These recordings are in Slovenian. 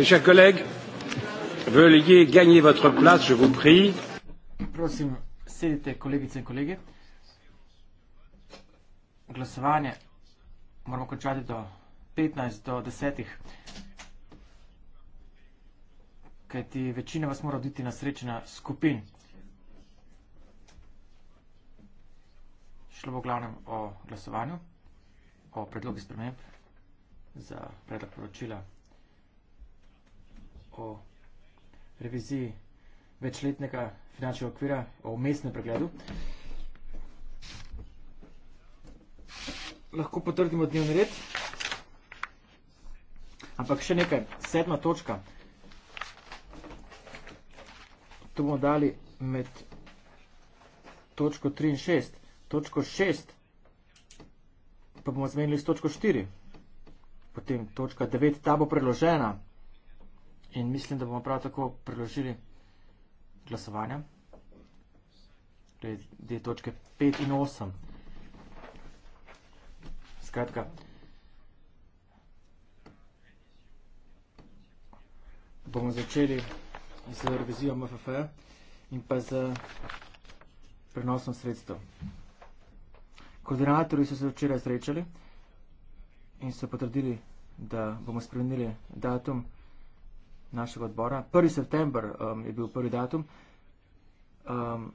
Mes chers collègues, veuillez gagner votre place, je vous prie. Prosim, sedite, kolegice in kolege. Glasovanje moramo končati do 15, do 10. Kaj ti večina vas mora oditi na srečna skupin. Šlo bo v glavnem o glasovanju, o predlogi sprememb za predlog poročila o reviziji večletnega finančnega okvira, o mestnem pregledu. Lahko potrdimo dnevni red. Ampak še nekaj, sedma točka. To bomo dali med točko 3 in 6. Točko 6 pa bomo zmenili s točko 4. Potem točka 9, ta bo preložena. In mislim, da bomo prav tako preložili glasovanje. Glede točke 5 in 8. Skratka. Bomo začeli z revizijo MFF in pa z prenosom sredstva. Koordinatorji so se včeraj srečali in so potrdili, da bomo spremenili datum našega odbora. 1. september um, je bil prvi datum. Um,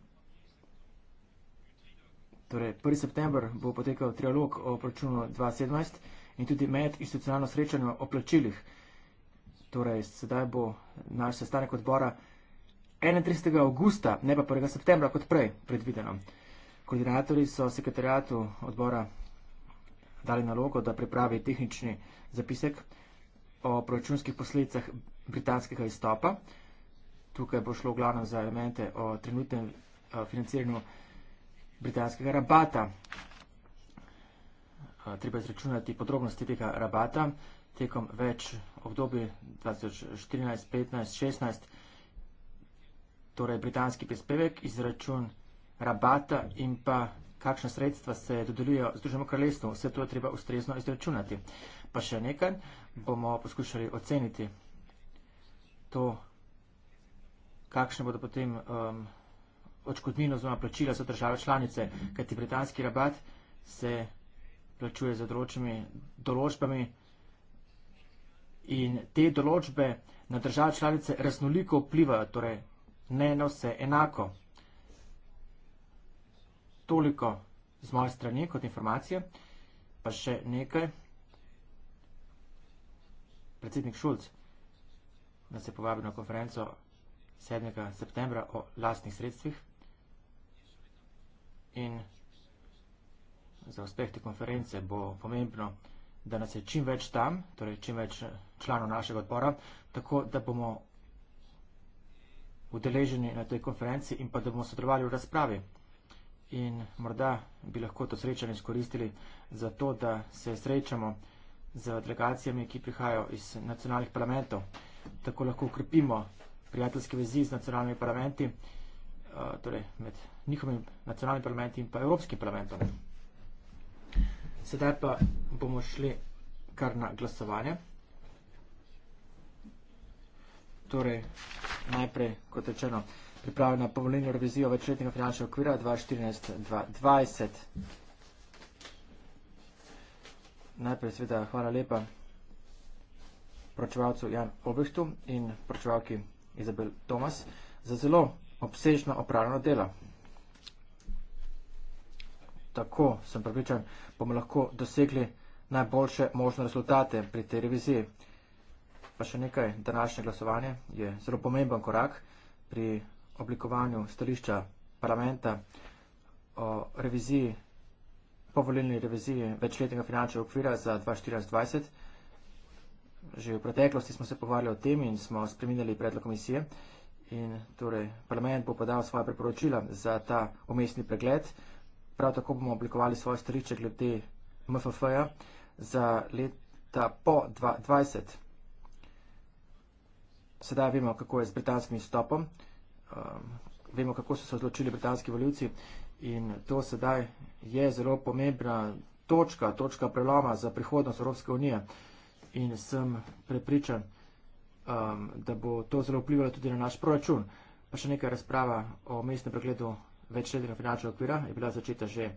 torej, 1. september bo potekal trialog o proračunu 2017 in tudi med institucionalno srečanje o plačilih. Torej, sedaj bo naš sestanek odbora 31. augusta, ne pa 1. septembra, kot prej predvideno. Koordinatorji so sekretarijatu odbora dali nalogo, da pripravi tehnični zapisek o proračunskih posledicah britanskega izstopa. Tukaj bo šlo glavno za elemente o trenutnem eh, financiranju britanskega rabata. Eh, treba izračunati podrobnosti tega rabata tekom več obdobje 2014, 2015, torej britanski prispevek, izračun rabata in pa kakšne sredstva se dodelijo Združenemu kraljestvu. Vse to je treba ustrezno izračunati. Pa še nekaj bomo poskušali oceniti to, kakšne bodo potem um, očkodnino oziroma plačila za države članice, kajti britanski rabat se plačuje za določenimi določbami in te določbe na države članice raznoliko vplivajo, torej ne na vse enako. Toliko z moje strani kot informacije, pa še nekaj predsednik Šulc nas je povabil na konferenco 7. septembra o lastnih sredstvih in za uspeh te konference bo pomembno, da nas je čim več tam, torej čim več eh, članov našega odbora, tako da bomo udeleženi na tej konferenci in pa da bomo sodelovali v razpravi. In morda bi lahko to srečanje izkoristili za to, da se srečamo vsega, z delegacijami, ki prihajajo iz nacionalnih parlamentov. Tako lahko ukrepimo prijateljske vezi z nacionalnimi parlamenti, eh, torej med njihovim nacionalnim parlamentom in pa Evropskim parlamentom. Sedaj pa bomo šli kar na glasovanje. Torej, najprej, kot rečeno, pripravljena povoljenja revizijo večletnega finančnega okvira 2014-2020. Najprej sveda hvala lepa pročevalcu Jan Obrehtu in pročevalki Izabel Tomas za zelo obsežno opravljeno delo. Tako sem pripričan, bomo lahko dosegli najboljše možne rezultate pri tej reviziji. Pa še nekaj, današnje glasovanje je zelo pomemben korak pri oblikovanju stališča parlamenta o reviziji po volilni reviziji večletnega finančnega okvira za 2024. Že v preteklosti smo se pogovarjali o tem in smo spreminjali predlog komisije. In torej, parlament bo podal svoje priporočila za ta umestni pregled. Prav tako bomo oblikovali svoje stališče glede MFF-ja za leta po 2020. Sedaj vemo, kako je z britanskim izstopom. Um, ehm, vemo, kako so se odločili britanski voljivci In to sedaj je zelo pomembna točka, točka preloma za prihodnost Evropske unije. In sem prepričan, um, da bo to zelo vplivalo tudi na naš proračun. Pa še nekaj razprava o mestnem pregledu večletnega finančnega okvira je bila začeta že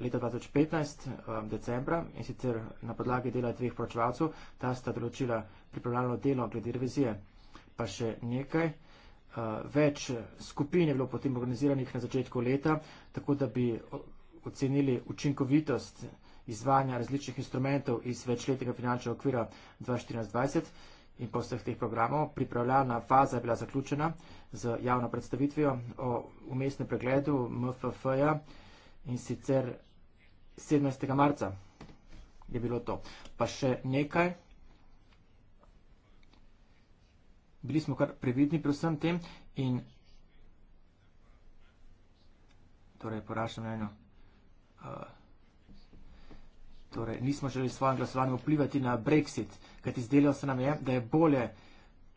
leta 2015, um, decembra in sicer na podlagi dela dveh pročevalcev, ta sta določila pripravljalno delo glede revizije. Pa še nekaj. Eh, več skupin je bilo potem organiziranih na začetku leta, tako da bi ocenili učinkovitost izvajanja različnih instrumentov iz večletnega finančnega okvira 2014-2020 in pa vseh teh programov. Pripravljalna faza je bila zaključena z javno predstavitvijo o umestnem pregledu MFF-ja in sicer 17. marca je bilo to. Pa še nekaj, bili smo kar previdni pri vsem tem in torej porašam eno. Uh, eh, torej, nismo želeli svojem glasovanju vplivati na Brexit, kajti izdelal se nam je, da je bolje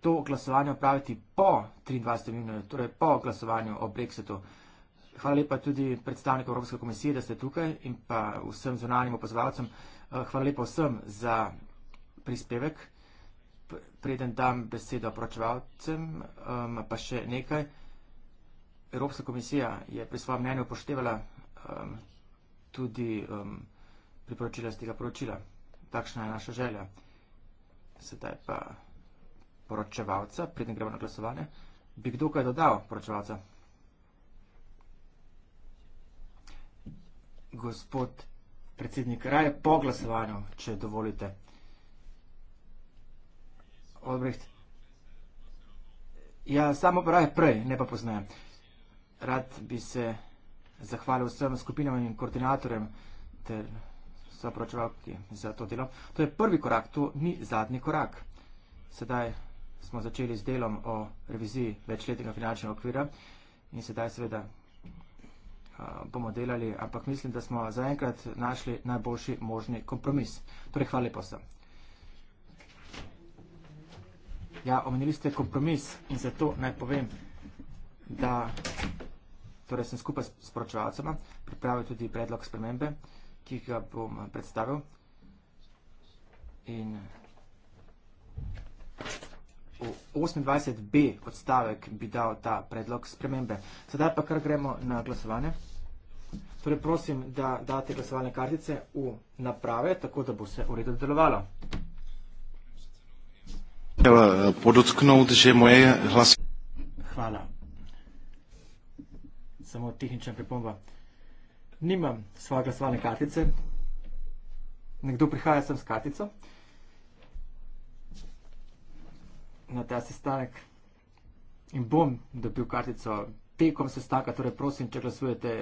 to glasovanje opraviti po 23. minuto, torej po glasovanju o Brexitu. Hvala lepa tudi predstavnikom Evropske komisije, da ste tukaj in pa vsem zunanjim opazovalcem. Eh, hvala lepa vsem za prispevek preden dam besedo pročevalcem, um, pa še nekaj. Evropska komisija je pri svojem mnenju upoštevala um, tudi um, priporočila z tega poročila. Takšna je naša želja. Sedaj pa poročevalca, preden gremo na glasovanje. Bi kdo kaj dodal, poročevalca? Gospod predsednik Raje, po glasovanju, če dovolite. Albrecht. Ja, samo raje prej, ne pa poznajem. Rad bi se zahvalil vsem skupinam in koordinatorjem ter so pročevalki za to delo. To je prvi korak, to ni zadnji korak. Sedaj smo začeli z delom o reviziji večletnega finančnega okvira in sedaj seveda bomo delali, ampak mislim, da smo zaenkrat našli najboljši možni kompromis. Torej, hvala lepo vsem. Ja, omenili ste kompromis in zato naj povem, da torej sem skupaj s poročevalcema pripravil tudi predlog spremembe, ki ga bom eh, predstavil in v 28b odstavek bi dal ta predlog spremembe. Sedaj pa kar gremo na glasovanje. Torej prosim, da date glasovalne kartice v naprave, tako da bo se v redu delovalo. Eh, podotknout, že moje hlas... Hvala. Samo tehnična pripomba. Nimam svoje glasovalne kartice. Nekdo prihaja sem s kartico. Na ta sestanek. In bom dobil kartico tekom sestanka, torej prosim, če glasujete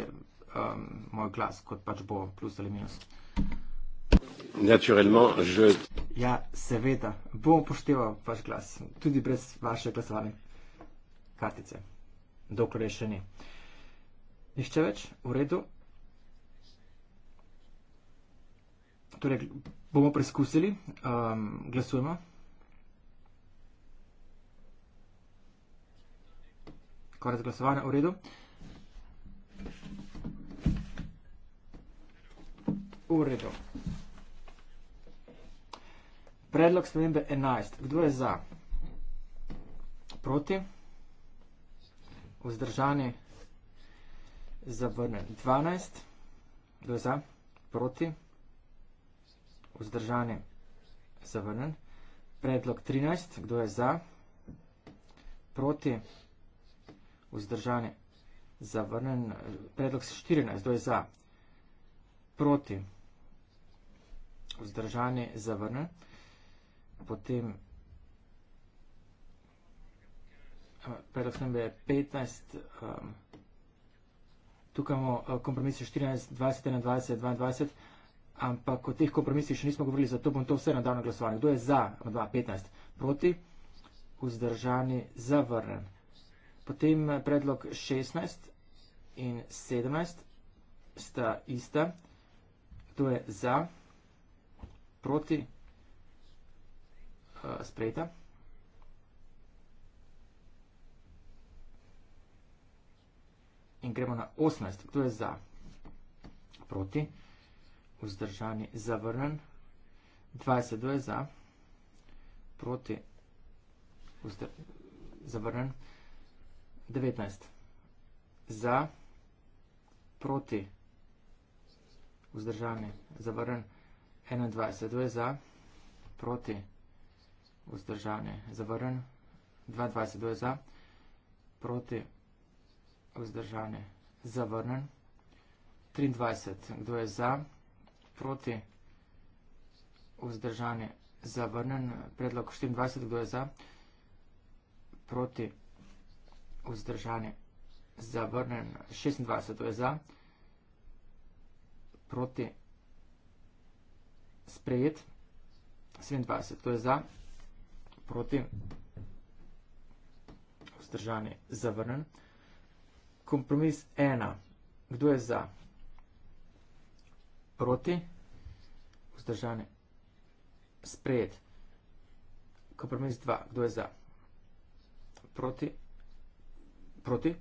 um, moj glas, kot pač bo plus ali minus. Naturalno, je... Že... Ja, seveda, bom upošteval vaš glas, tudi brez vaše glasovne kartice, dokler je še ni. Nihče več, v redu. Torej, bomo preizkusili, um, glasujemo. Konec glasovanja, v redu. V redu. Predlog spremembe 11. Kdo je za? Proti? Vzdržani? Zavrnen. 12. Kdo je za? Proti? Vzdržani? Zavrnen. Predlog 13. Kdo je za? Proti? Vzdržani? Zavrnen. Predlog 14. Kdo je za? Proti? Vzdržani? Zavrnen. Zavrnen potem eh, predvsem je 15, um, ehm, tukaj imamo eh, kompromise 14, 20, 21, 22, ampak o teh kompromisih še nismo govorili, zato bom to vse nadal na glasovanje. Kdo je za 215? Proti? Vzdržani? Zavrnen. Potem eh, predlog 16 in 17 sta ista. Kdo je za? Proti? Eh, sprejeta. In gremo na 18. Kdo je za? Proti. Vzdržani. Zavrnen. 20. Kdo je za? Proti. Zavrnen. 19. Za. Proti. Vzdržani. Zavrnen. 21. Kdo je za? Proti. Proti vzdržane, zavrn, 22 je za, proti, vzdržane, zavrn, 23, kdo je za, proti, vzdržane, zavrn, predlog 24, kdo je za, proti, vzdržane, zavrn, 26, kdo je za, proti, sprejet, 27, kdo je za, proti, vzdržanje zavrnen. Kompromis ena. Kdo je za? Proti, vzdržanje sprejet. Kompromis dva. Kdo je za? Proti, proti,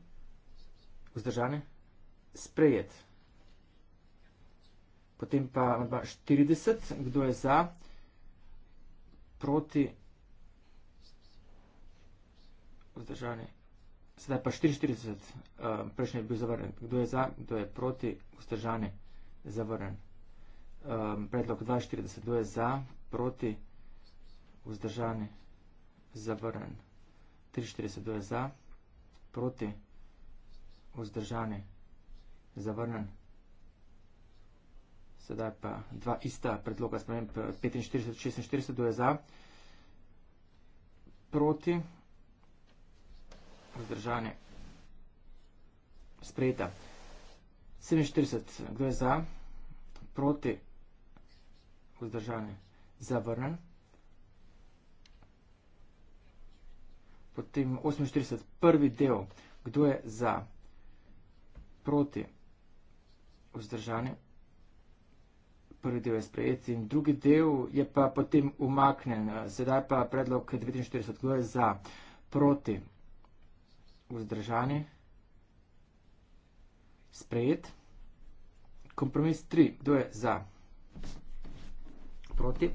vzdržanje sprejet. Potem pa 40, kdo je za, proti, vzdržani. Sedaj pa 44, uh, eh, prejšnji je bil zavrnen. Kdo je za, kdo je proti, vzdržani, zavrnen. Um, eh, predlog 42, kdo je za, proti, vzdržani, zavrnen. 43, kdo je za, proti, vzdržani, zavrnen. Sedaj pa dva ista predloga, spremem 45, 46, kdo je za, proti, vzdržani vzdržanje. Sprejeta. 47. Kdo je za? Proti? Vzdržanje. Zavrnen. Potem 48. Prvi del. Kdo je za? Proti? Vzdržanje. Prvi del je sprejet in drugi del je pa potem umaknen. Sedaj pa predlog 49. Kdo je za? Proti? vzdržani, sprejet. Kompromis 3. Kdo je za? Proti.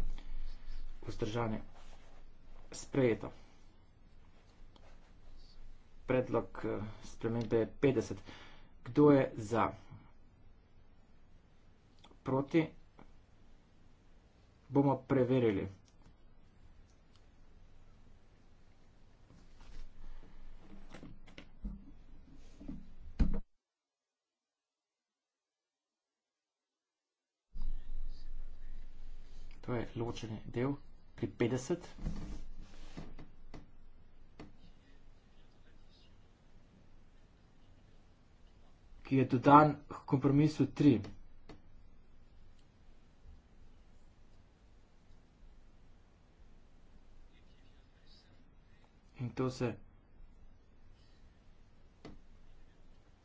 Vzdržani. Sprejeto. Predlog eh, spremembe je 50. Kdo je za? Proti. Bomo preverili. Proti. to je ločen del pri 50. ki je dodan k kompromisu 3. In to se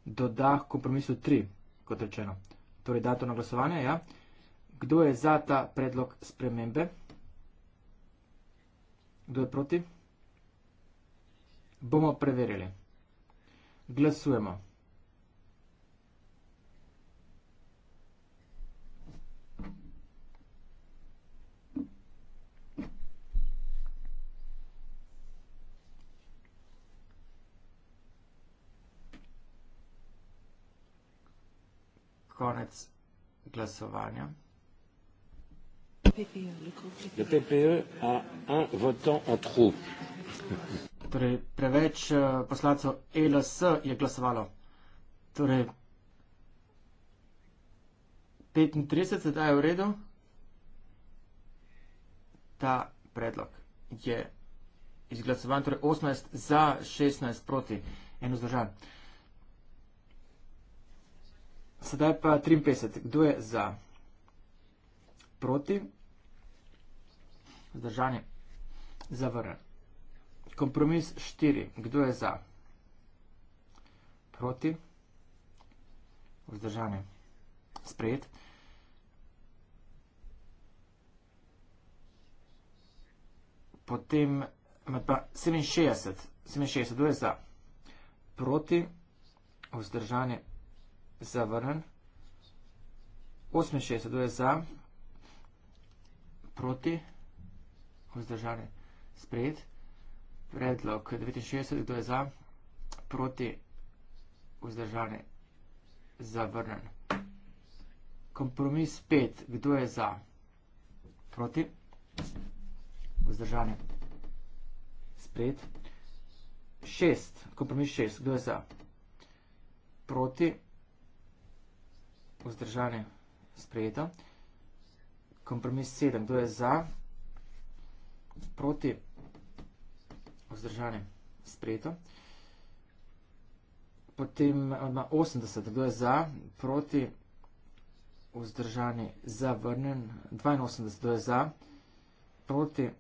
doda k kompromisu 3, kot rečeno. Torej, dato na glasovanje, ja. Kdo je za ta predlog spremembe? Kdo je proti? Bomo preverili. Glasujemo. Konec glasovanja le PPE a un votant en trop. Torej, preveč eh, poslancev e LS je glasovalo. Torej, 35 sedaj je v redu. Ta predlog je izglasovan, torej 18 za, 16 proti, en vzdržan. Sedaj pa 53. Kdo je za? Proti? Zdržanje. Zavrn. Kompromis štiri. Kdo je za? Proti. Vzdržanje. Sprejet. Potem med pa 67. 67. Kdo je za? Proti. Vzdržanje. Zavrn. 68. Kdo je za? Proti. Proti vzdržane. Sprejet. Predlog 69, kdo je za, proti, vzdržane, zavrnen. Kompromis 5, kdo je za, proti, vzdržane, sprejet. 6, kompromis 6, kdo je za, proti, vzdržane, sprejeto. Kompromis 7, kdo je za, proti, vzdržane, sprejeto proti vzdržanjem spreto. Potem ima 80, kdo je za, proti vzdržanje zavrnen, 82, kdo je za, proti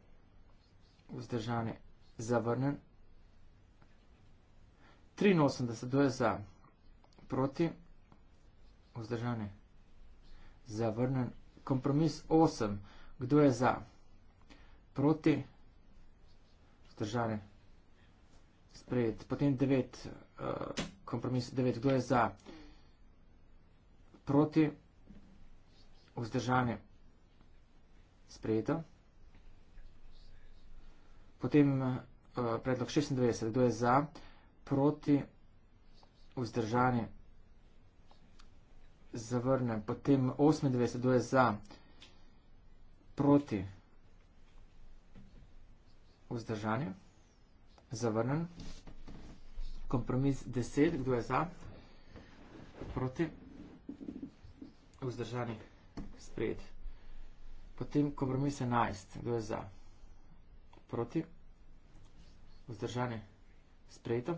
vzdržanje zavrnen, 83, kdo je za, proti vzdržanje zavrnen, kompromis 8, kdo je za, proti vzdržanje zavrnen proti, zdržane, sprejet. Potem devet, uh, kompromis devet, kdo je za, proti, vzdržane, sprejeto. Potem uh, predlog 96, kdo je za, proti, vzdržane, zavrne. Potem 98, kdo je za, proti, vzdržane vzdržanje, zavrnen, kompromis 10, kdo je za, proti, vzdržanje, sprejet. Potem kompromis 11, kdo je za, proti, vzdržanje, sprejeto.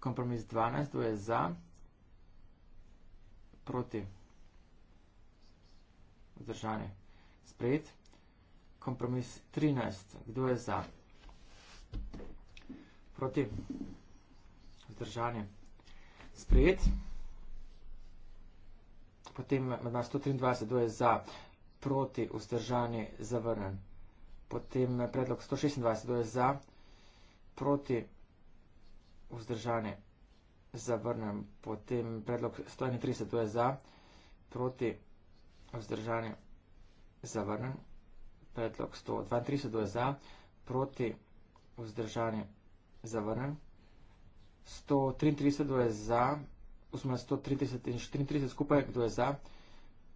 Kompromis 12, kdo je za, proti, vzdržanje, sprejeto kompromis 13. Kdo je za? Proti? Vzdržanje. Sprejet. Potem ima 123, kdo je za? Proti? Vzdržanje. Zavrnen. Potem predlog 126, kdo je za? Proti? Vzdržanje. Zavrnem. Potem predlog 131, kdo je za? Proti? Vzdržanje. Zavrnem predlog 132 je za, proti vzdržanje zavrnen. 133 je za, osmena 130 in 34 skupaj, kdo je za,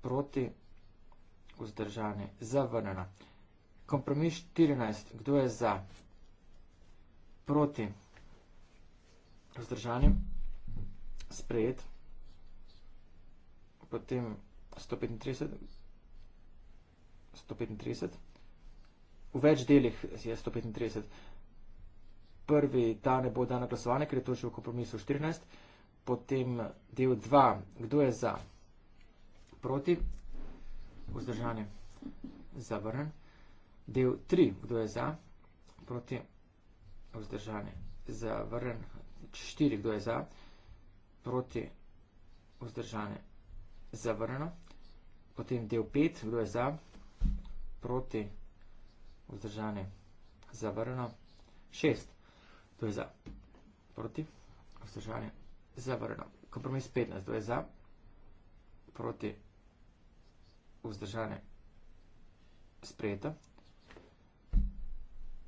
proti vzdržanje zavrnena. Kompromis 14, kdo je za, proti vzdržanje, sprejet, potem 135, 135, v več delih je 135. Prvi ta ne bo dan na glasovanje, ker je to že v kompromisu 14. Potem del 2, kdo je za, proti, vzdržanje, zavrnen. Del 3, kdo je za, proti, vzdržanje, zavrnen. 4, kdo je za, proti, vzdržanje, zavrnen. Potem del 5, kdo je za, proti, vzdržanje vzdržanje, zavrno, šest, to je za, proti, vzdržanje, zavrno, kompromis 15, to je za, proti, vzdržanje, sprejeto,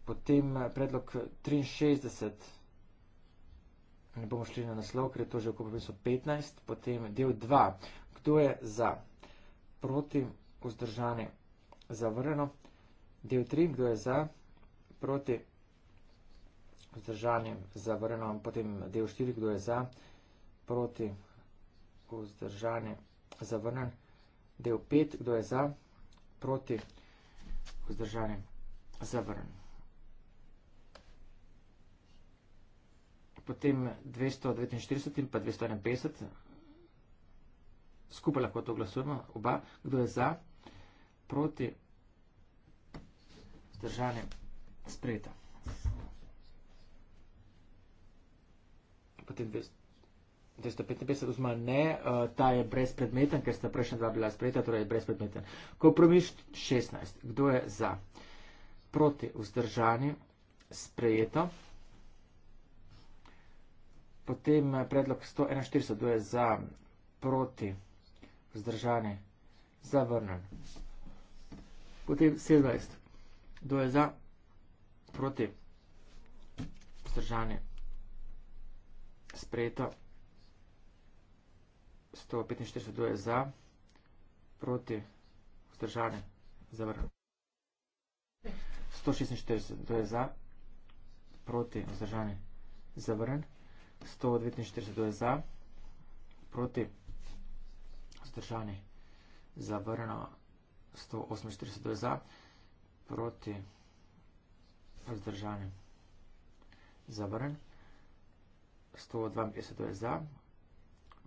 potem eh, predlog 63, ne bomo šli na naslov, ker je to že v kompromisu 15, potem del 2, kdo je za, proti, vzdržanje, zavrno, Del 3, kdo je za, proti, vzdržanje, zavrnjeno, potem del 4, kdo je za, proti, vzdržanje, zavrnjen, del 5, kdo je za, proti, vzdržanje, zavrnjen. Potem 249 in pa 251, skupaj lahko to glasujemo, oba, kdo je za, proti, vzdržanje, vzdržanjem spreta. Potem 255 oziroma ne, eh, ta je brezpredmeten, ker sta prejšnja dva bila spreta, torej je brezpredmeten. Kompromis 16. Kdo je za? Proti vzdržanjem sprejeto. Potem eh, predlog 141, kdo je za? Proti vzdržanjem zavrnen. Potem 17. Kdo je za? Proti. Vzdržanje. Sprejeto. 145. Kdo je za? Proti. Vzdržanje. Zavrno. 146. Kdo je za? Proti. Vzdržanje. Zavrn. 149. Kdo je za? Proti. Vzdržanje. Zavrno. 148. Kdo je za? Proti proti vzdržanju. Zavrn. 152 je za,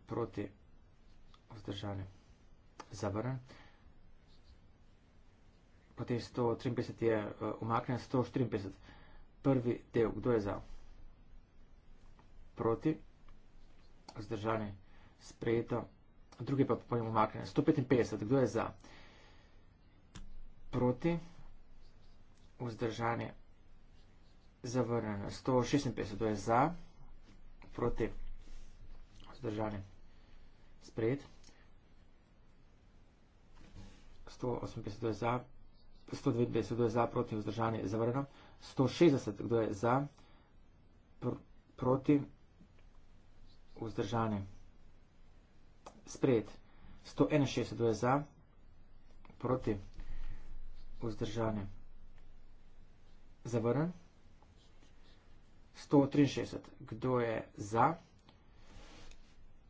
proti vzdržanju. Zavrn. Potem 153 je eh, umaknen, 154. Prvi del, kdo je za? Proti vzdržanju. Sprejeto. Drugi pa pojem umaknen. 155, kdo je za? Proti vzdržanju vzdržanje zavrnjeno. 156 to je za, proti vzdržanje sprejet. 158 kdo je za, 129 kdo je za, proti vzdržanje zavrnjeno. 160 kdo je za, pr proti vzdržanje sprejet. 161 kdo je za, proti vzdržanje zavrnjen. 163. Kdo je za,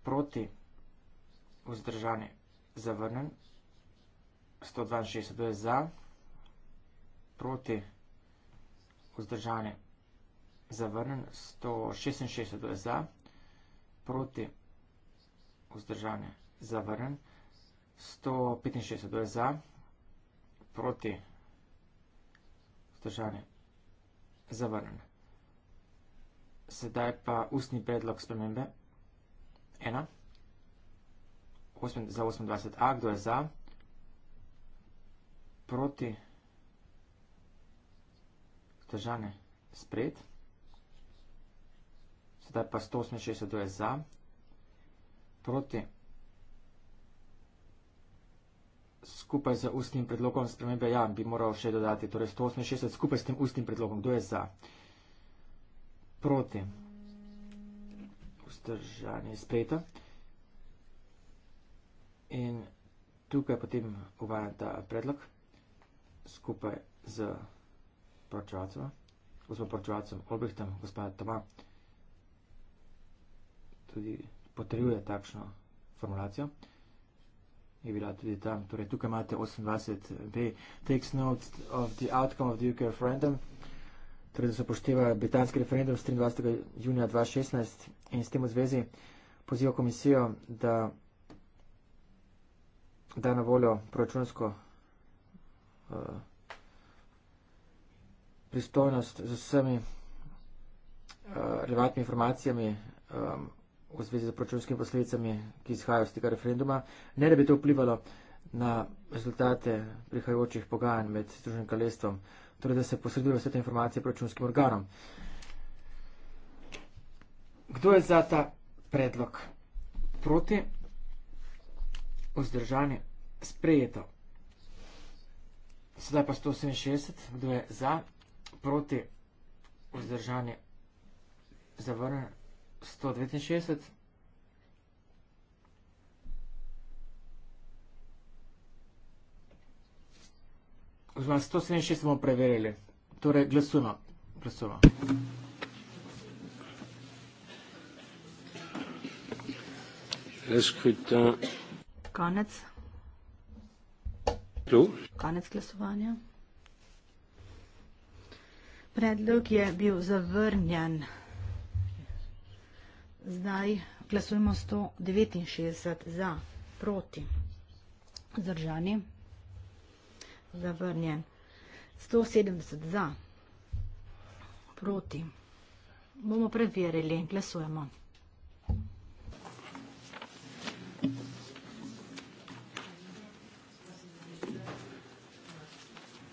proti, vzdržani, zavrnen. 162. Kdo je za, proti, vzdržani, zavrnen. 166. Kdo je za, proti, vzdržani, zavrnen. 165. Kdo je za, proti, vzdržani, zavrnen zavrnjen. Sedaj pa ustni predlog spremembe. 1. Za 28a, kdo je za? Proti? Zdržane? Spred? Sedaj pa 168, kdo je za? Proti? skupaj z ustnim predlogom spremembe, ja, bi moral še dodati, torej 168 skupaj s tem ustnim predlogom. Kdo je za? Proti. Vzdržanje je sprejeto. In tukaj potem uvajam ta predlog skupaj z poročevalcem, gospod poročevalcem Olbrihtem, gospoda Toma, tudi potrjuje takšno formulacijo je bila tudi tam. Torej, tukaj imate 28b, takes note of the outcome of the UK referendum, torej da se upošteva britanski referendum z 23. junija 2016 in s tem v zvezi poziva komisijo, da da na voljo proračunsko uh, pristojnost z vsemi uh, relevantnimi informacijami. Um, v zvezi z proračunskimi posledicami, ki izhajajo iz tega referenduma, ne da bi to vplivalo na rezultate prihajajočih pogajanj med Združenim kraljestvom, torej da se posredujejo vse te informacije proračunskim organom. Kdo je za ta predlog? Proti? Vzdržanje? Sprejeto. Sedaj pa 167. Kdo je za? Proti? Vzdržanje? Zavrnjeno? 169. Oziroma, 167 bomo preverili. Torej, glasujmo. Glasujmo. Konec. Konec glasovanja. Predlog je bil zavrnjen. Zdaj glasujemo 169 za, proti, zdržani, zavrnjen. 170 za, proti. Bomo preverili, glasujemo.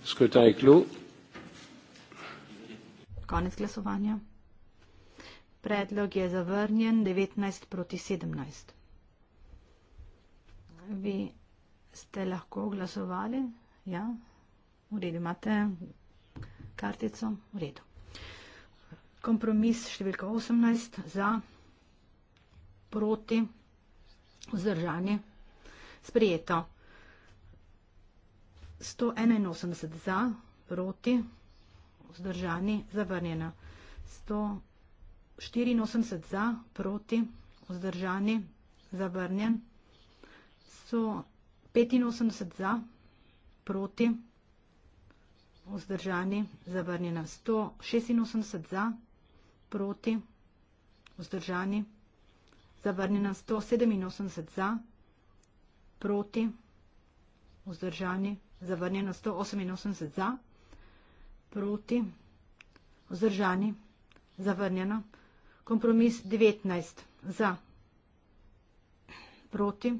Skrtaj klu. Konec glasovanja. Predlog je zavrnjen 19 proti 17. Vi ste lahko glasovali? Ja, v redu imate kartico, v redu. Kompromis številka 18 za, proti, vzdržanje, sprijeto. 181 za, proti, vzdržanje, zavrnjeno. 181. 84 za, proti, vzdržani, zavrnjen, so 85 za, proti, vzdržani, zavrnjena, 186 za, proti, vzdržani, zavrnjena, 187 za, proti, vzdržani, zavrnjena, 188 za, proti, vzdržani, zavrnjena, Kompromis 19 za proti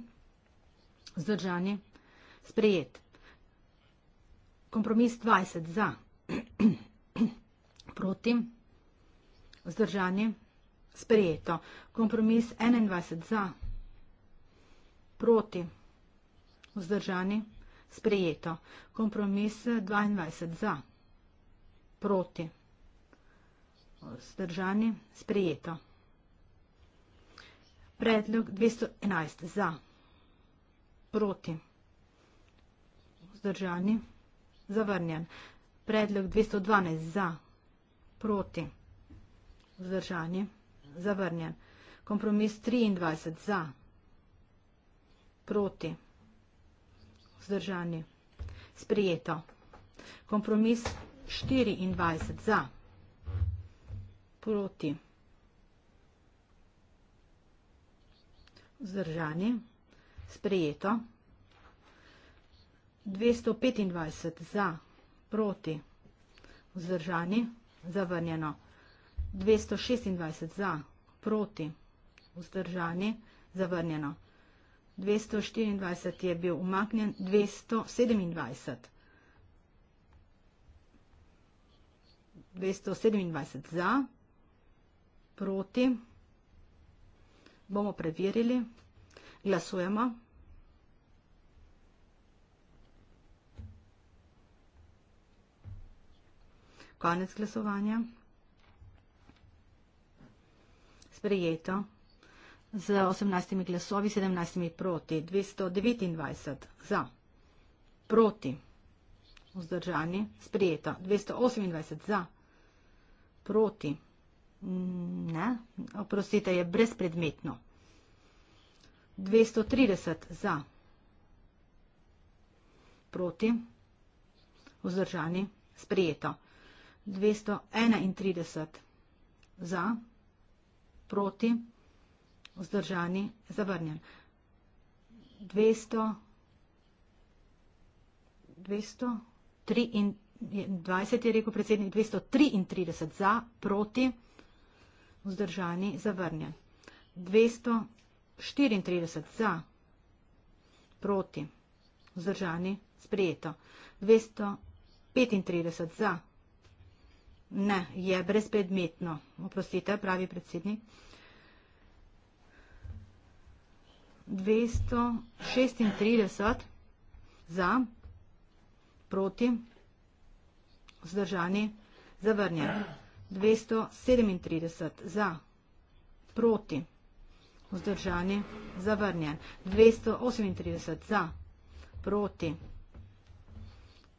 zdržanje sprejet. Kompromis 20 za proti zdržanje sprejeto. Kompromis 21 za proti vzdržanje sprejeto. Kompromis 22 za proti vzdržanje sprejeto. Zdržani, sprejeto. Predlog 211 za, proti, vzdržani, zavrnjen. Predlog 212 za, proti, vzdržani, zavrnjen. Kompromis 23 za, proti, vzdržani, sprejeto. Kompromis 24 za, proti, vzdržani proti. Vzdržani, sprejeto. 225 za, proti, vzdržani, zavrnjeno. 226 za, proti, vzdržani, zavrnjeno. 224 je bil umaknjen, 227. 227 za, proti. Bomo preverili. Glasujemo. Konec glasovanja. Sprejeto. Z 18 glasovi, 17 proti, 229 za, proti, vzdržani, sprijeto, 228 za, proti, Mm, ne, oprostite, je brezpredmetno. 230 za, proti, vzdržani, sprijeto. 231 za, proti, vzdržani, zavrnjen. 223 je rekel predsednik, 233 za, proti, vzdržani vzdržani zavrnjen. 234 za, proti, vzdržani sprejeto. 235 za, ne, je brezpredmetno, oprostite, pravi predsednik. 236 za, proti, vzdržani zavrnjen. 237 za, proti, vzdržani, zavrnjen. 238 za, proti,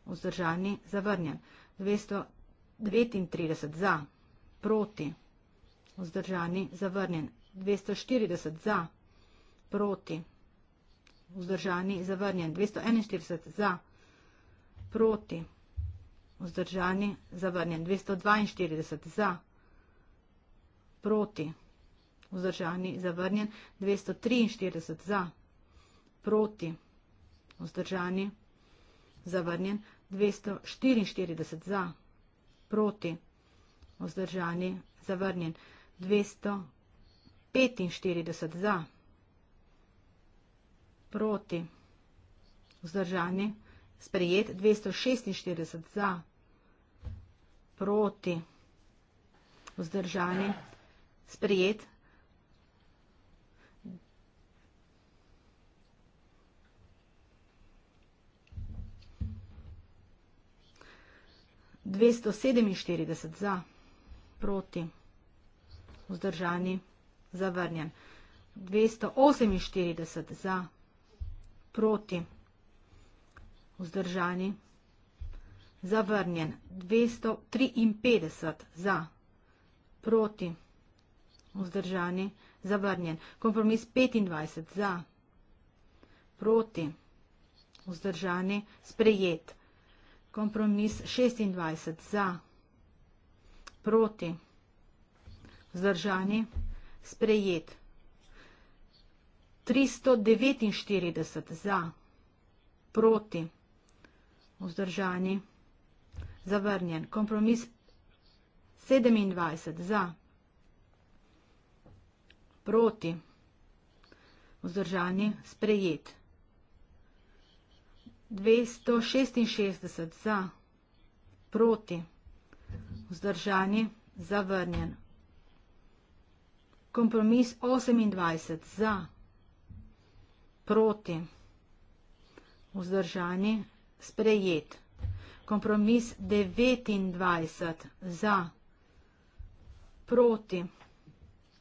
vzdržani, zavrnjen. 239 za, proti, vzdržani, zavrnjen. 240 za, proti, vzdržani, zavrnjen. 241 za, proti, vzdržani, zavrnjen vzdržani, zavrnjen 242 za, proti, vzdržani, zavrnjen 243 za, proti, vzdržani, zavrnjen 244 za, proti, vzdržani, zavrnjen 245 za, proti, vzdržani, sprejet 246 za, proti, proti, vzdržani, sprijet. Dvesto sedeminštirideset za, proti, vzdržani, zavrnjen. Dvesto oseminštirideset za, proti, vzdržani, zavrnjen zavrnjen, 253 za, proti, vzdržani, zavrnjen, kompromis 25 za, proti, vzdržani, sprejet, kompromis 26 za, proti, vzdržani, sprejet, 349 za, proti, vzdržani, sprejet zavrnjen. Kompromis 27 za, proti, vzdržani, sprejet. 266 za, proti, vzdržani, zavrnjen. Kompromis 28 za, proti, vzdržani, sprejet kompromis 29 za, proti,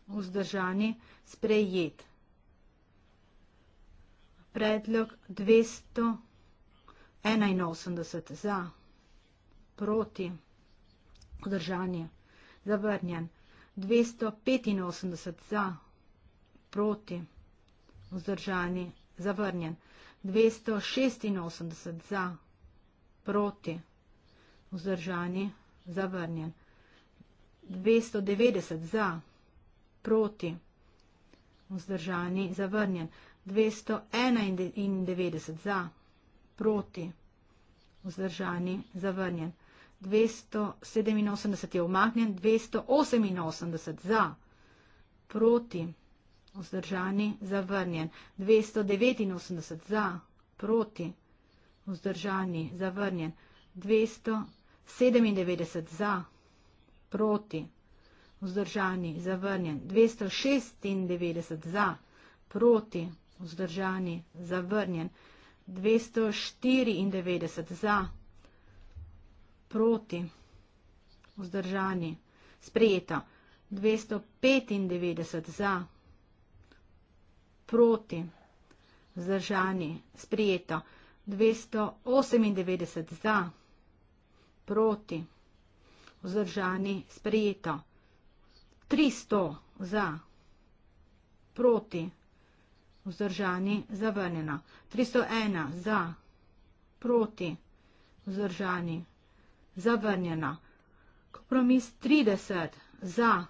vzdržani, sprejet. Predlog 281 za, proti, vzdržani, zavrnjen. 285 za, proti, vzdržani, zavrnjen. 286 za, proti, vzdržani, zavrnjen. 286 za, proti, vzdržani, zavrnjen proti, vzdržani, zavrnjen. 290 za, proti, vzdržani, zavrnjen. 291 za, proti, vzdržani, zavrnjen. 287 je omaknjen, 288 za, proti, vzdržani, zavrnjen. 289 za, proti, vzdržani, zavrnjen vzdržani, zavrnjen, 297 za, proti, vzdržani, zavrnjen, 296 za, proti, vzdržani, zavrnjen, 294 za, proti, vzdržani, sprejeto, 295 za, proti, vzdržani, sprejeto, 295 za, proti, vzdržani, sprejeto, 298 za, proti, vzdržani, sprejeto, 300 za, proti, vzdržani, zavrnjeno, 301 za, proti, vzdržani, zavrnjeno, kompromis 30 za,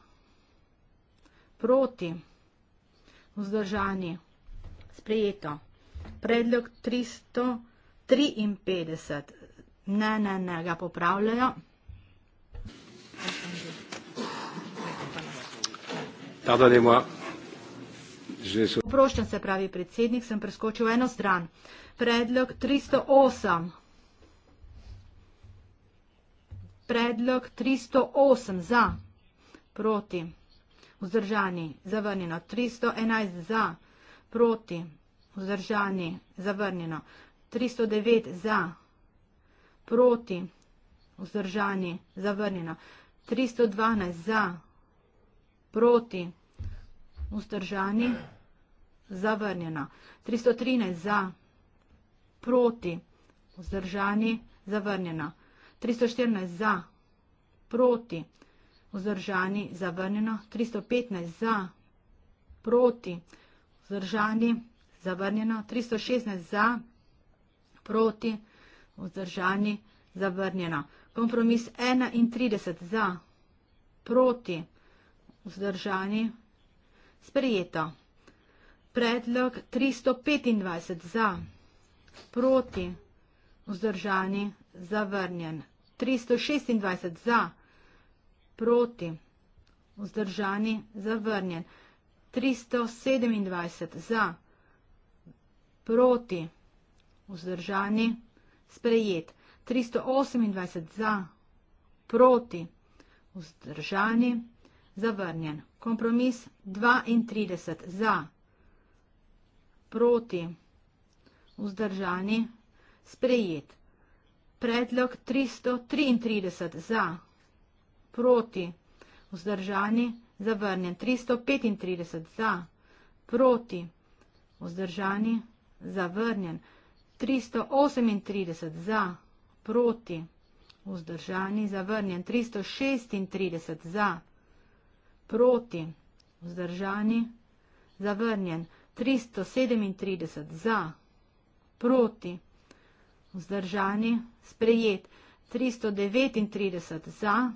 proti, vzdržani, sprejeto, 301 za, proti, vzdržani, zavrnjeno, predlog 353. Ne, ne, ne, ga popravljajo. Poproščam se, pravi predsednik, sem preskočil eno stran. Predlog 308. Predlog 308 za, proti, vzdržani, zavrnjeno. 311 za, proti, vzdržani, zavrnjeno. 309 za, proti, vzdržani, zavrnjeno. 312 za, proti, vzdržani, zavrnjeno. 313 za, proti, vzdržani, zavrnjeno. 314 za, proti, vzdržani, zavrnjeno. 315 za, proti, vzdržani, zavrnjeno zavrnjeno, 316 za, proti, vzdržani, zavrnjeno. Kompromis 31 za, proti, vzdržani, sprejeto. Predlog 325 za, proti, vzdržani, zavrnjen. 326 za, proti, vzdržani, zavrnjen. 327 za, proti, vzdržani, zavrnjen proti, vzdržani, sprejet. 328 za, proti, vzdržani, zavrnjen. Kompromis 32 za, proti, vzdržani, sprejet. Predlog 333 za, proti, vzdržani, zavrnjen. 335 za, proti, vzdržani, zavrnjen zavrnjen, 338 za, proti, vzdržani, zavrnjen, 336 za, proti, vzdržani, zavrnjen, 337 za, proti, vzdržani, sprejet, 339 za,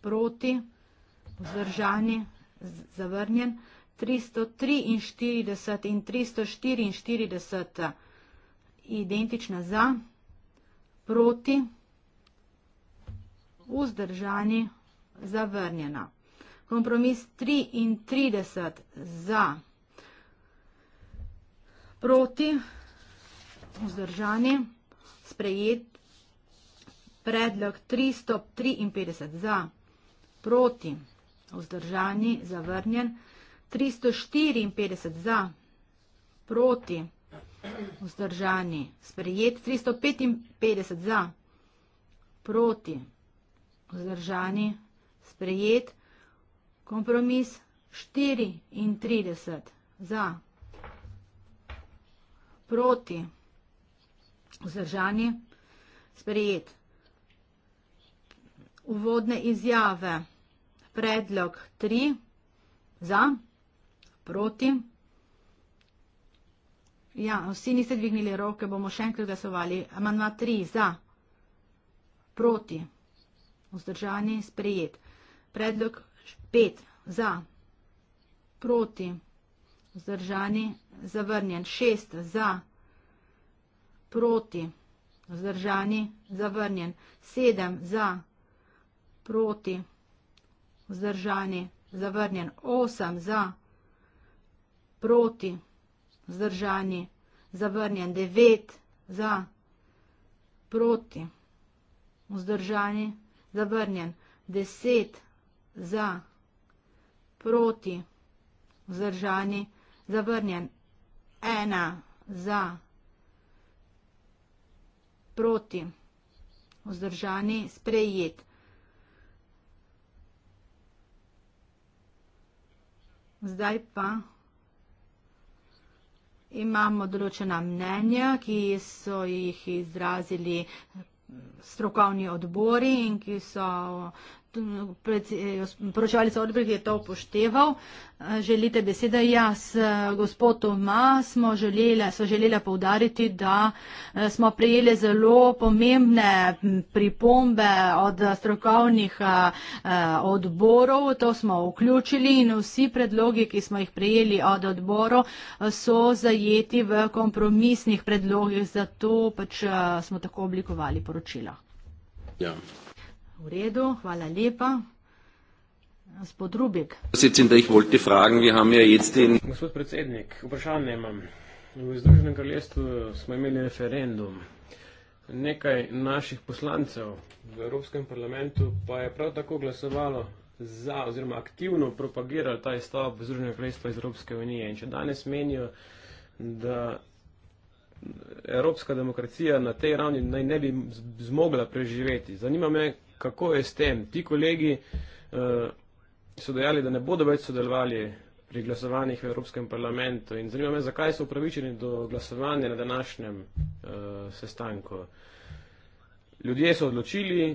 proti, vzdržani, zavrnjen, 343 in 344 identična za, proti, vzdržani, zavrnjena. Kompromis 33 za, proti, vzdržani, sprejet, predlog 353 za, proti, vzdržani, zavrnjen, vzdržani. 354 za, proti, vzdržani, sprejeti, 355 za, proti, vzdržani, sprejeti, kompromis, 34 za, proti, vzdržani, sprejeti. Uvodne izjave, predlog 3 za, proti, vzdržani, sprejeti. Proti. Ja, vsi niste dvignili roke, bomo še enkrat glasovali. Amandma 3 za. Proti. Vzdržani, sprejet. Predlog 5 za. Proti. Vzdržani, zavrnjen. 6 za. Proti. Vzdržani, zavrnjen. 7 za. Proti. Vzdržani, zavrnjen. 8 za. Proti proti, zdržani, zavrnjen, devet za, proti, vzdržani, zavrnjen, deset za, proti, vzdržani, zavrnjen, ena za, proti, vzdržani, sprejet. Zdaj pa imamo določena mnenja, ki so jih izrazili strokovni odbori in ki so poročevalec Orbrih je to upošteval. Eh, želite beseda? Ja, s eh, gospodom Ma smo želela, so želela povdariti, da eh, smo prejeli zelo pomembne pripombe od strokovnih odborov. To smo vključili in vsi predlogi, ki smo jih prejeli od odborov, so zajeti v kompromisnih predlogih. Zato pač smo tako oblikovali poročila. Ja. V redu, hvala lepa. Gospod Rubik. Ja Gospod predsednik, vprašanje imam. V Združenem kraljestvu smo imeli referendum. Nekaj naših poslancev v Evropskem parlamentu pa je prav tako glasovalo za oziroma aktivno propagirali ta izstop Združenega kraljestva iz Evropske unije. In če danes menijo, da evropska demokracija na tej ravni naj ne bi zmogla preživeti, zanima me, kako je s tem. Ti kolegi uh, so dejali, da ne bodo več sodelovali pri glasovanjih v Evropskem parlamentu in zanima me, zakaj so upravičeni do glasovanja na današnjem uh, sestanku. Ljudje so odločili,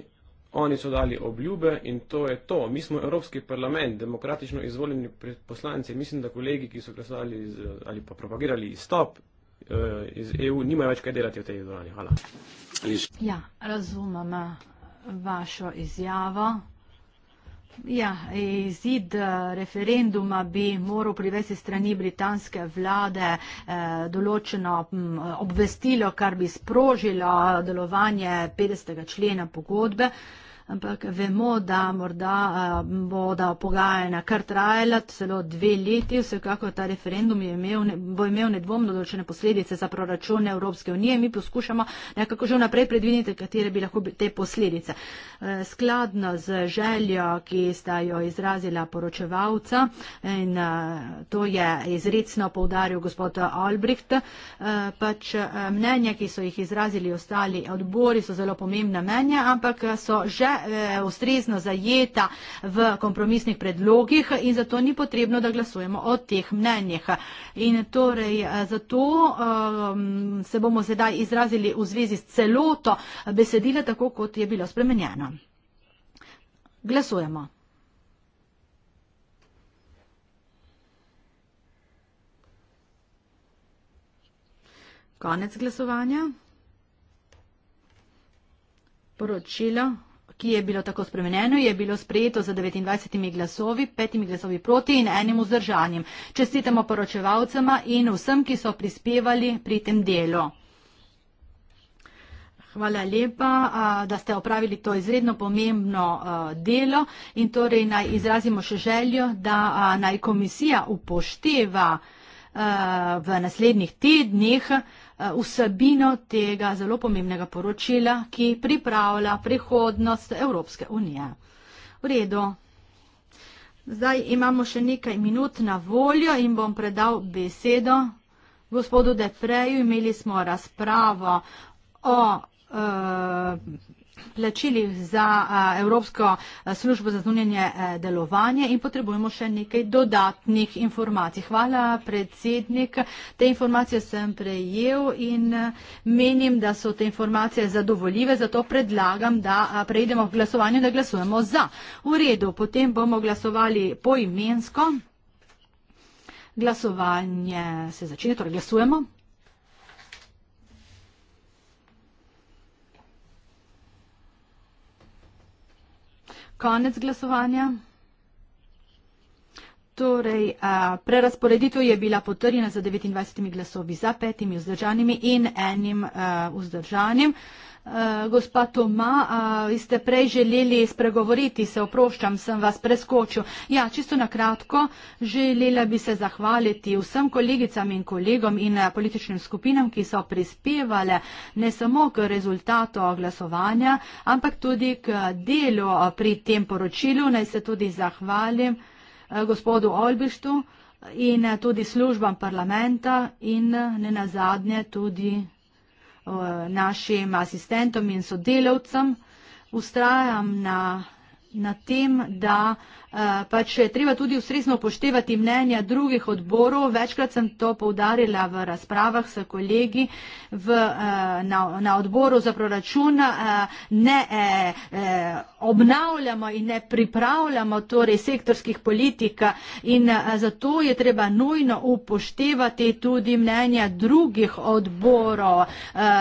oni so dali obljube in to je to. Mi smo Evropski parlament, demokratično izvoljeni poslanci. Mislim, da kolegi, ki so glasovali z, ali pa propagirali stop uh, eh, iz EU, nimajo več kaj delati v tej dvorani. Hvala. Ja, razumem vašo izjavo. Ja, izid eh, referenduma bi moral privesti strani britanske vlade eh, določeno mm, obvestilo, kar bi sprožilo delovanje 50. člena pogodbe ampak vemo, da morda eh, bodo pogajanja kar trajala celo dve leti. Vsekako ta referendum je imel, bo imel nedvomno določene posledice za proračune Evropske unije. Mi poskušamo nekako že vnaprej predviditi, katere bi lahko te posledice. Eh, skladno z željo, ki sta jo izrazila poročevalca in eh, to je izredno povdaril gospod Albrecht, pač mnenja, ki so jih izrazili ostali odbori, so zelo pomembna mnenja, ampak so že Eh, ustrezno zajeta v kompromisnih predlogih in zato ni potrebno, da glasujemo o teh mnenjih. In torej eh, zato ehm, se bomo sedaj izrazili v zvezi s celoto besedila, tako kot je bilo spremenjeno. Glasujemo. Konec glasovanja. Poročilo ki je bilo tako spremenjeno, je bilo sprejeto za 29 glasovi, 5 glasovi proti in enim vzdržanjem. Čestitamo poročevalcema in vsem, ki so prispevali pri tem delu. Hvala lepa, da ste opravili to izredno pomembno delo in torej naj izrazimo še željo, da naj komisija upošteva v naslednjih tednih Eh, vsebino tega zelo pomembnega poročila, ki pripravlja prihodnost Evropske unije. V redu. Zdaj imamo še nekaj minut na voljo in bom predal besedo gospodu Depreju. Imeli smo razpravo o. Uh, plačilih za Evropsko službo za zunanje delovanje in potrebujemo še nekaj dodatnih informacij. Hvala, predsednik. Te informacije sem prejel in menim, da so te informacije zadovoljive, zato predlagam, da preidemo v glasovanju, da glasujemo za. V redu, potem bomo glasovali poimensko. Glasovanje se začne, torej glasujemo. Konec glasovanja. Torej, a, prerasporeditev je bila potrjena za 29 glasovi za petimi vzdržanimi in enim a, vzdržanim. Eh, gospa Toma, vi ste prej želeli spregovoriti, se oproščam, sem vas preskočil. Ja, čisto na kratko, želela bi se zahvaliti vsem kolegicam in kolegom in eh, političnim skupinam, ki so prispevale ne samo k rezultatu glasovanja, ampak tudi k delu eh, pri tem poročilu. Naj se tudi zahvalim gospodu Olbištu in tudi službam parlamenta in ne nazadnje tudi. Eh, našim asistentom in sodelavcem. Ustrajam na na tem, da eh, pač je treba tudi ustrezno upoštevati mnenja drugih odborov. Večkrat sem to povdarjala v razpravah s kolegi v, eh, na, na odboru za proračun. Eh, ne obnavljamo in ne pripravljamo torej sektorskih politik in zato je treba nujno upoštevati tudi mnenja drugih odborov.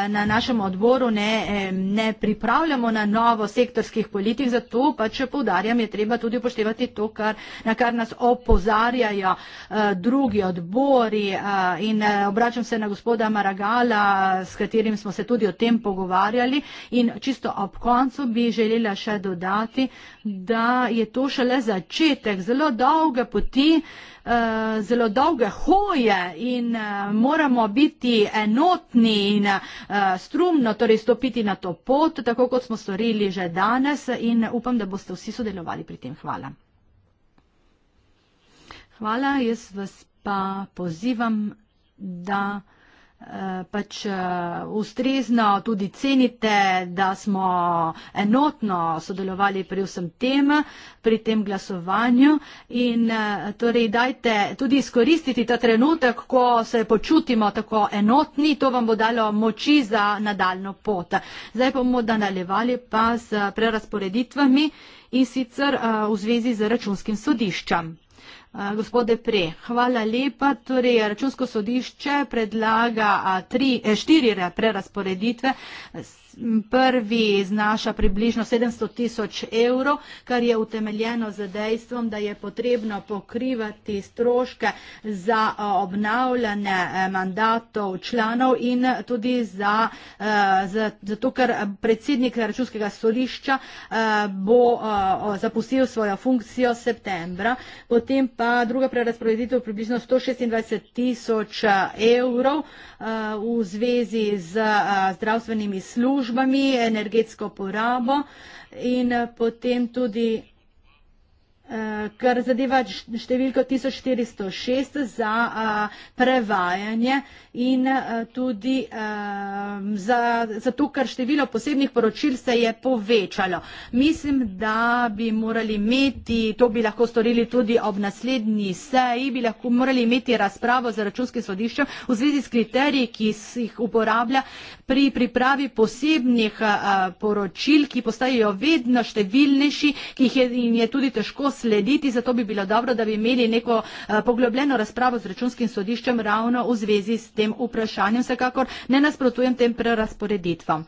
Na našem odboru ne, ne pripravljamo na novo sektorskih politik, zato pač Če povdarjam, je treba tudi upoštevati to, kar, na kar nas opozarjajo eh, drugi odbori eh, in eh, obračam se na gospoda Maragala, s katerim smo se tudi o tem pogovarjali in čisto ob koncu bi želela še dodati, da je to šele začetek zelo dolge poti, eh, Eh, zelo dolge hoje in uh, moramo biti enotni in uh, strumno, torej stopiti na to pot, tako kot smo storili že danes in upam, da boste vsi sodelovali pri tem. Hvala. Hvala, jaz vas pa pozivam, da pač eh, ustrezno tudi cenite, da smo enotno sodelovali pri vsem tem, pri tem glasovanju in eh, torej dajte tudi izkoristiti ta trenutek, ko se počutimo tako enotni, to vam bo dalo moči za nadaljno pot. Zdaj bomo nadaljevali pa s prerasporeditvami in sicer eh, v zvezi z računskim sodiščem. Gospode Pre, hvala lepa. Torej, računsko sodišče predlaga tri, eh, štiri prerasporeditve prvi znaša približno 700 tisoč evrov, kar je utemeljeno z dejstvom, da je potrebno pokrivati stroške za eh, obnavljanje eh, mandatov članov in tudi eh, za, zato ker predsednik računskega sodišča bo zapustil svojo funkcijo septembra, potem pa druga prerazporeditev približno 126 tisoč evrov v zvezi z zdravstvenimi službami, službami, energetsko porabo in potem tudi Eh, kar zadeva številko 1406 za eh, prevajanje in eh, tudi zato, za ker število posebnih poročil se je povečalo. Mislim, da bi morali imeti, to bi lahko storili tudi ob naslednji seji, bi lahko morali imeti razpravo za računske sodišče v zvezi s kriteriji, ki se jih uporablja pri pripravi posebnih poročil, ki postajajo vedno številnejši, ki jih je, je tudi težko slediti, zato bi bilo dobro, da bi imeli neko eh, poglobljeno razpravo z računskim sodiščem ravno v zvezi s tem vprašanjem. Vsekakor ne nasprotujem tem prerasporeditvam.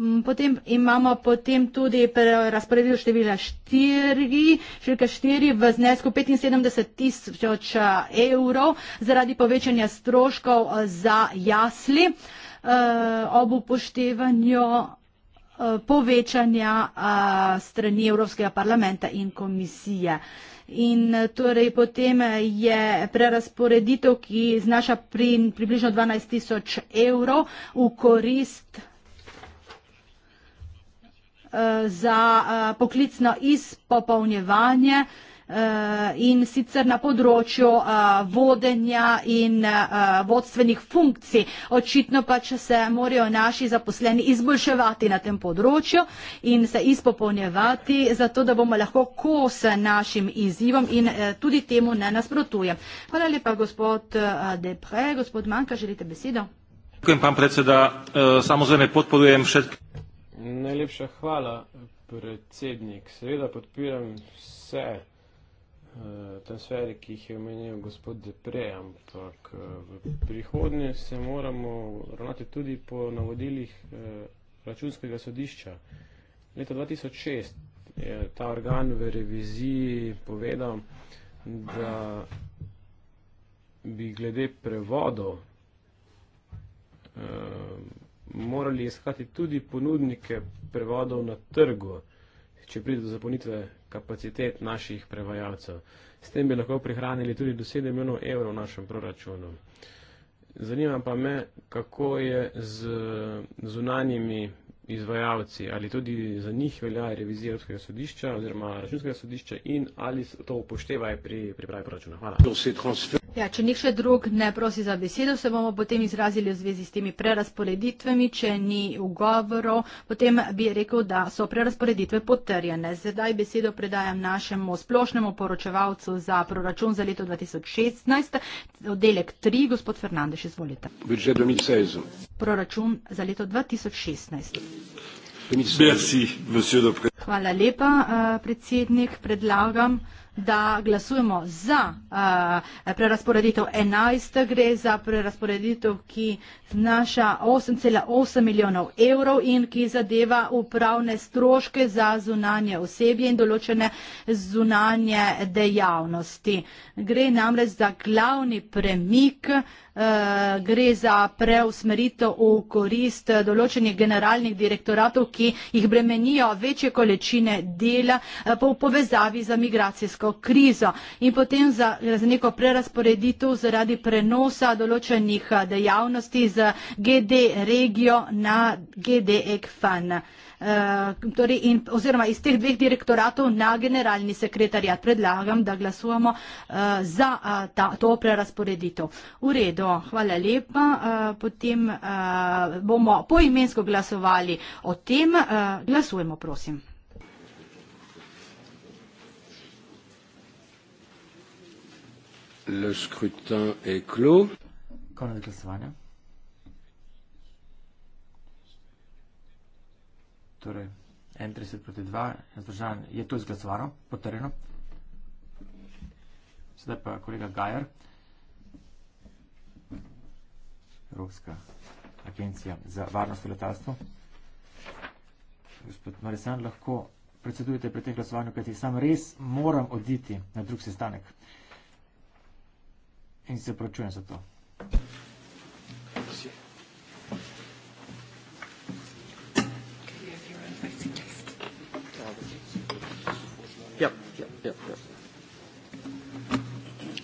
Mm, potem imamo potem tudi razporedil števila 4, številka 4 v znesku 75 tisoč eh, evrov zaradi povečanja stroškov eh, za jasli ob upoštevanju Eh, povečanja eh, strani Evropskega parlamenta in komisije. In eh, torej potem je prerasporeditev, ki znaša pri, približno 12 tisoč evrov v korist za poklicno izpopolnjevanje Eh, in sicer na področju eh, vodenja in eh, vodstvenih funkcij. Očitno pač se morajo naši zaposleni izboljševati na tem področju in se izpopolnjevati, zato da bomo lahko kos našim izzivom in tudi temu ne nasprotuje. Hvala lepa, gospod Depre. Gospod Manka, želite besedo? Ďakujem, pán predseda. Samozrejme, podporujem všetky. Najlepša hvala, predsednik. Seveda podpiram vse. Eh, transferje, ki jih je omenil gospod Depre, ampak eh, v prihodnje se moramo ravnati tudi po navodilih eh, računskega sodišča. Leta 2006 je ta organ v reviziji povedal, da bi glede prevodov morali iskati tudi ponudnike prevodov na trgu, če pride do zapolnitve kapacitet naših prevajalcev. S tem bi lahko prihranili tudi do 7 milijonov evrov v našem proračunu. Zanima pa me, kako je z zunanjimi izvajalci, ali tudi za njih velja revizija Evropskega sodišča oziroma računskega sodišča in ali to upoštevajo pri pripravi proračuna. Hvala. Ja, če nihče drug ne prosi za besedo, se bomo potem izrazili v zvezi s temi prerasporeditvami. Če ni ugovorov, potem bi rekel, da so prerasporeditve potrjene. Zdaj besedo predajam našemu splošnemu poročevalcu za proračun za leto 2016, oddelek 3, gospod Fernandeš, izvolite. Proračun za leto 2016. Hvala lepa, eh, predsednik. Predlagam, da glasujemo za uh, eh, prerasporeditev 11. Gre za prerasporeditev, ki znaša 8,8 milijonov evrov in ki zadeva upravne stroške za zunanje osebje in določene zunanje dejavnosti. Gre namreč za glavni premik, uh, gre za preusmeritev v korist določenih generalnih direktoratov, ki jih bremenijo večje količine dela uh, po povezavi za migracijsko gospodarsko krizo in potem za, za neko prerasporeditev zaradi prenosa določenih eh, dejavnosti z GD regijo na GD ECFAN. Uh, eh, torej in, oziroma iz teh dveh direktoratov na generalni sekretarjat predlagam, da glasujemo uh, za uh, ta, to prerasporeditev. V redu, hvala lepa. Uh, potem uh, bomo poimensko glasovali o tem. Uh, glasujemo, prosim. Le scrutin est clos. Quand le classement est Torej, 31 proti 2, zdržan je to izglasovano, potrjeno. Sedaj pa kolega Gajer, Evropska agencija za varnost v letalstvu. Gospod Marisan, lahko predsedujete pri tem glasovanju, kajti sam res moram oditi na drug sestanek in se opravičujem za to. Ja, ja, ja, ja.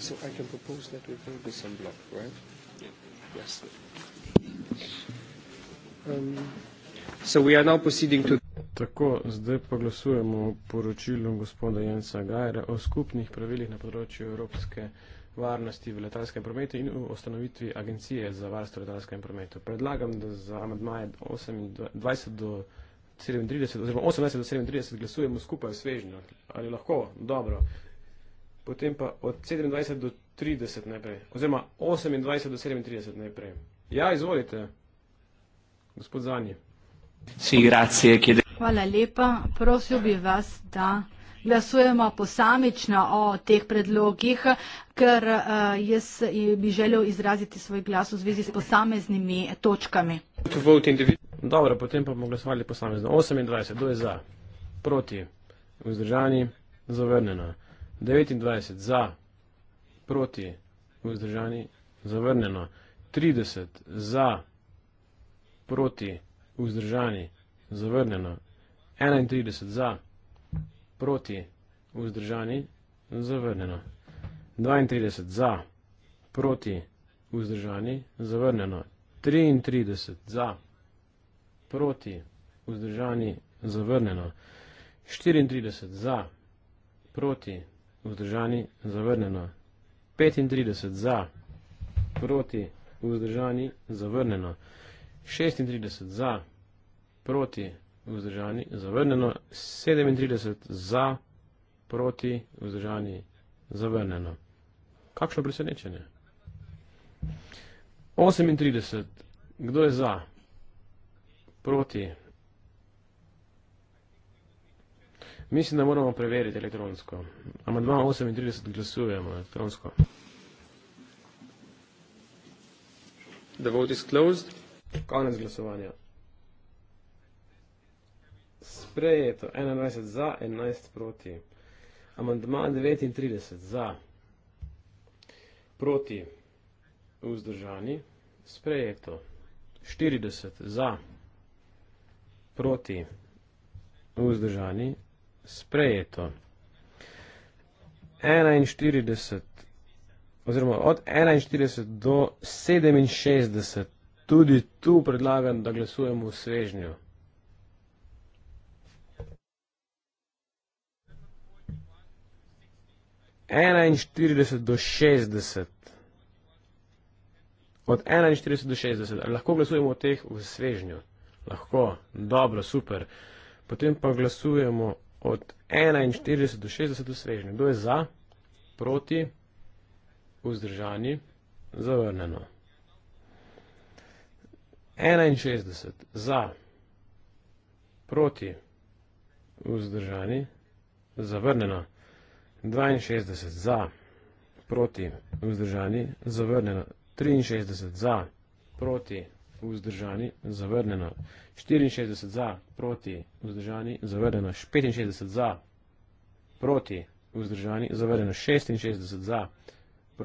So I can propose that we vote this unblock, right? Yeah. Yes. Um, so we are now proceeding to Tako, zdaj pa glasujemo poročilom gospoda Jensa Gajra o skupnih pravilih na področju Evropske unije varnosti v letalskem prometu in v ustanovitvi agencije za varstvo v letalskem prometu. Predlagam, da za amadmaje 28 do 37, oziroma 18 do 37 glasujemo skupaj v svežnju. Ali lahko? Dobro. Potem pa od 27 do 30 najprej, oziroma 28 do 37 najprej. Ja, izvolite, gospod Zanji. Hvala lepa. Prosil bi vas, da glasujemo posamično o teh predlogih ker uh, jaz eh, bi želel izraziti svoj glas v zvezi s posameznimi točkami. Dobro, potem pa bomo glasovali posamezno. 28, kdo je za? Proti. Vzdržani, zavrnjeno. 29, za. Proti. Vzdržani, zavrnjeno. 30, za. Proti. Vzdržani, zavrnjeno. 31, za. Proti. Vzdržani, zavrnjeno. 32 za, proti, vzdržani, zavrnjeno. 33 za, proti, vzdržani, zavrnjeno. 34 za, proti, vzdržani, zavrnjeno. 35 za, proti, vzdržani, zavrnjeno. 36 za, proti, vzdržani, zavrnjeno. 37 za, proti, vzdržani, zavrnjeno. 37 za, proti, vzdržani, zavrnjeno. Kakšno presenečenje? 38. Kdo je za? Proti? Mislim, da moramo preveriti elektronsko. Ama 2.38 glasujemo elektronsko. The vote is closed. Konec glasovanja. Sprejeto. 21 za, 11 proti. Amandma 39 za proti vzdržani, sprejeto. 40 za proti vzdržani, sprejeto. 41 oziroma od 41 do 67 tudi tu predlagam, da glasujemo v svežnju. 41 do 60. Od 41 do 60. Ali lahko glasujemo o teh v svežnju? Lahko, dobro, super. Potem pa glasujemo od 41 do 60 v svežnju. Kdo je za, proti, vzdržani, zavrneno. 61 za, proti, vzdržani, zavrneno. 62 za, proti vzdržani, zavrnjeno 63 za, proti vzdržani, zavrnjeno 64 za, proti vzdržani, zavrnjeno 65 za, proti vzdržani, zavrnjeno 66 za,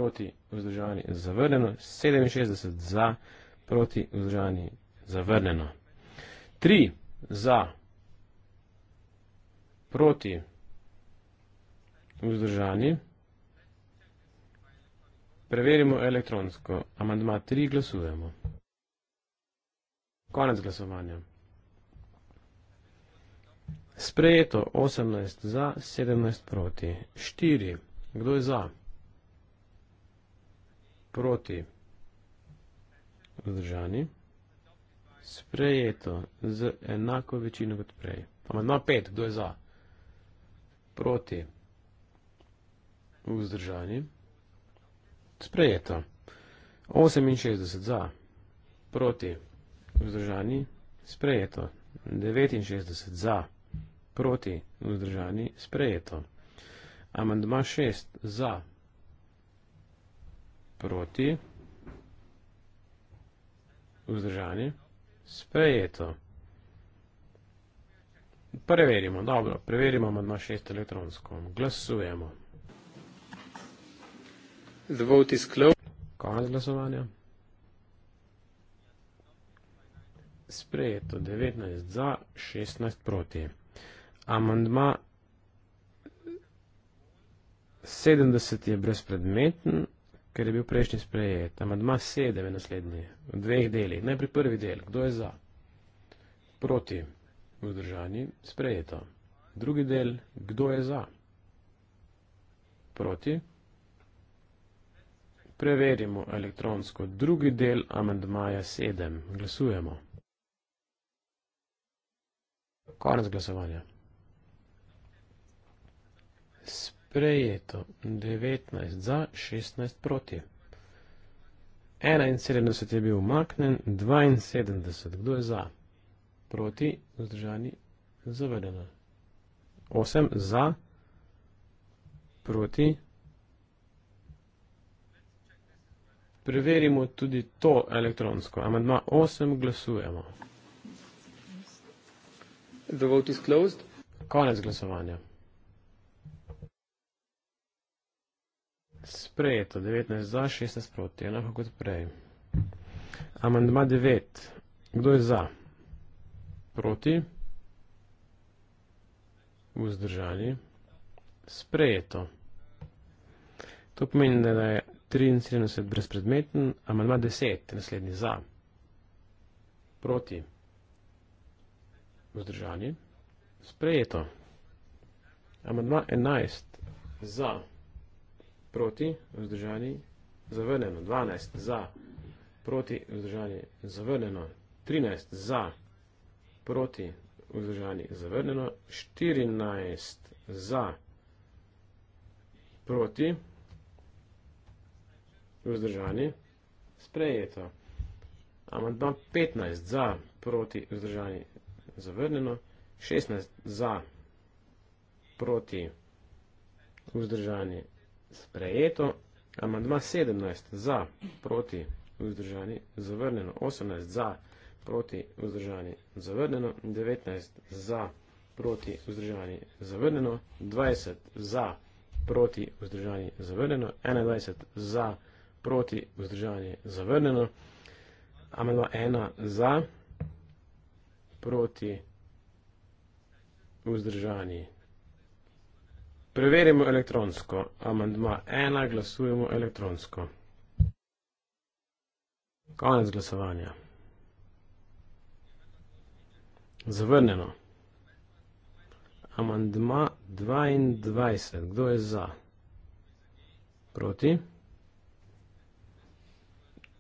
proti vzdržani, zavrnjeno 67 za, proti vzdržani, zavrnjeno 3 za, proti vzdržani, vzdržani. Preverimo elektronsko. Amandma 3 glasujemo. Konec glasovanja. Sprejeto 18 za, 17 proti. 4. Kdo je za? Proti. Vzdržani. Sprejeto z enako večino kot prej. Amandma 5. Kdo je za? Proti. Proti vzdržani. Sprejeto. 68 za, proti, vzdržani. Sprejeto. 69 za, proti, vzdržani. Sprejeto. Amandma 6 za, proti, vzdržani. Sprejeto. Preverimo, dobro, preverimo amandma 6 elektronsko. Glasujemo. The vote is closed. Konec glasovanja. Sprejeto 19 za, 16 proti. Amandma 70 je brezpredmeten, ker je bil prejšnji sprejet. Amandma 7 je naslednji, v dveh delih. Najprej prvi del, kdo je za? Proti vzdržanji, sprejeto. Drugi del, kdo je za? Proti vzdržanji preverimo elektronsko drugi del amendmaja 7. Glasujemo. Konec glasovanja. Sprejeto 19 za 16 proti. 71 je bil umaknen, 72. Kdo je za? Proti, vzdržani, zavedeno. 8 za, proti, vzdržani. Preverimo tudi to elektronsko. Amendma 8 glasujemo. The vote is closed. Konec glasovanja. Sprejeto. 19 za, 16 proti. Enako kot prej. Amendma 9. Kdo je za? Proti? Vzdržani? Sprejeto. To pomeni, da je 73 brezpredmeten, amandma 10, naslednji za, proti, vzdržanje, sprejeto, amandma 11, za, proti, vzdržanje, zavrneno, 12, za, proti, vzdržanje, zavrneno, 13, za, proti, vzdržanje, zavrneno, 14, za, proti, vzdržanje, vzdržani, sprejeto. Amandma 15 za, proti vzdržani, zavrnjeno, 16 za, proti vzdržani, sprejeto, amandma 17 za, proti vzdržani, zavrnjeno, 18 za, proti vzdržani, zavrnjeno, 19 za, proti vzdržani, zavrnjeno, 20 za, proti vzdržani, zavrnjeno, 21 za, proti vzdržani, zavrnjeno, proti, vzdržanje je zavrnjeno. Amelo ena za, proti, vzdržanje. Preverimo elektronsko. Amandma ena, glasujemo elektronsko. Konec glasovanja. Zavrnjeno. Amandma 22. Kdo je za? Proti? Proti?